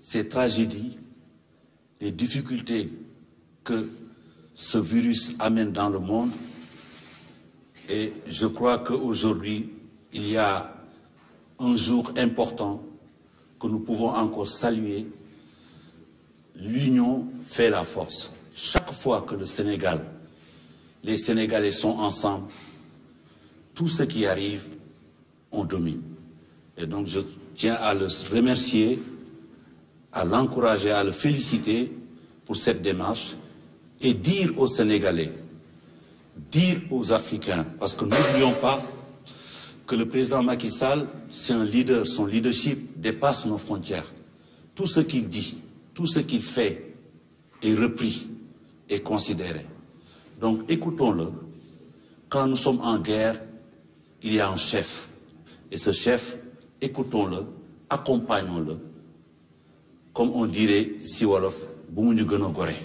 ces tragédies, les difficultés que ce virus amène dans le monde. Et je crois qu'aujourd'hui, il y a un jour important que nous pouvons encore saluer. L'union fait la force. Chaque fois que le Sénégal, les Sénégalais sont ensemble, tout ce qui arrive, on domine. Et donc je tiens à le remercier à l'encourager, à le féliciter pour cette démarche et dire aux Sénégalais, dire aux Africains, parce que n'oublions pas que le président Macky Sall, c'est un leader, son leadership dépasse nos frontières. Tout ce qu'il dit, tout ce qu'il fait est repris et considéré. Donc écoutons-le. Quand nous sommes en guerre, il y a un chef. Et ce chef, écoutons-le, accompagnons-le comme on dirait si wolof bu mu ñu gën a gore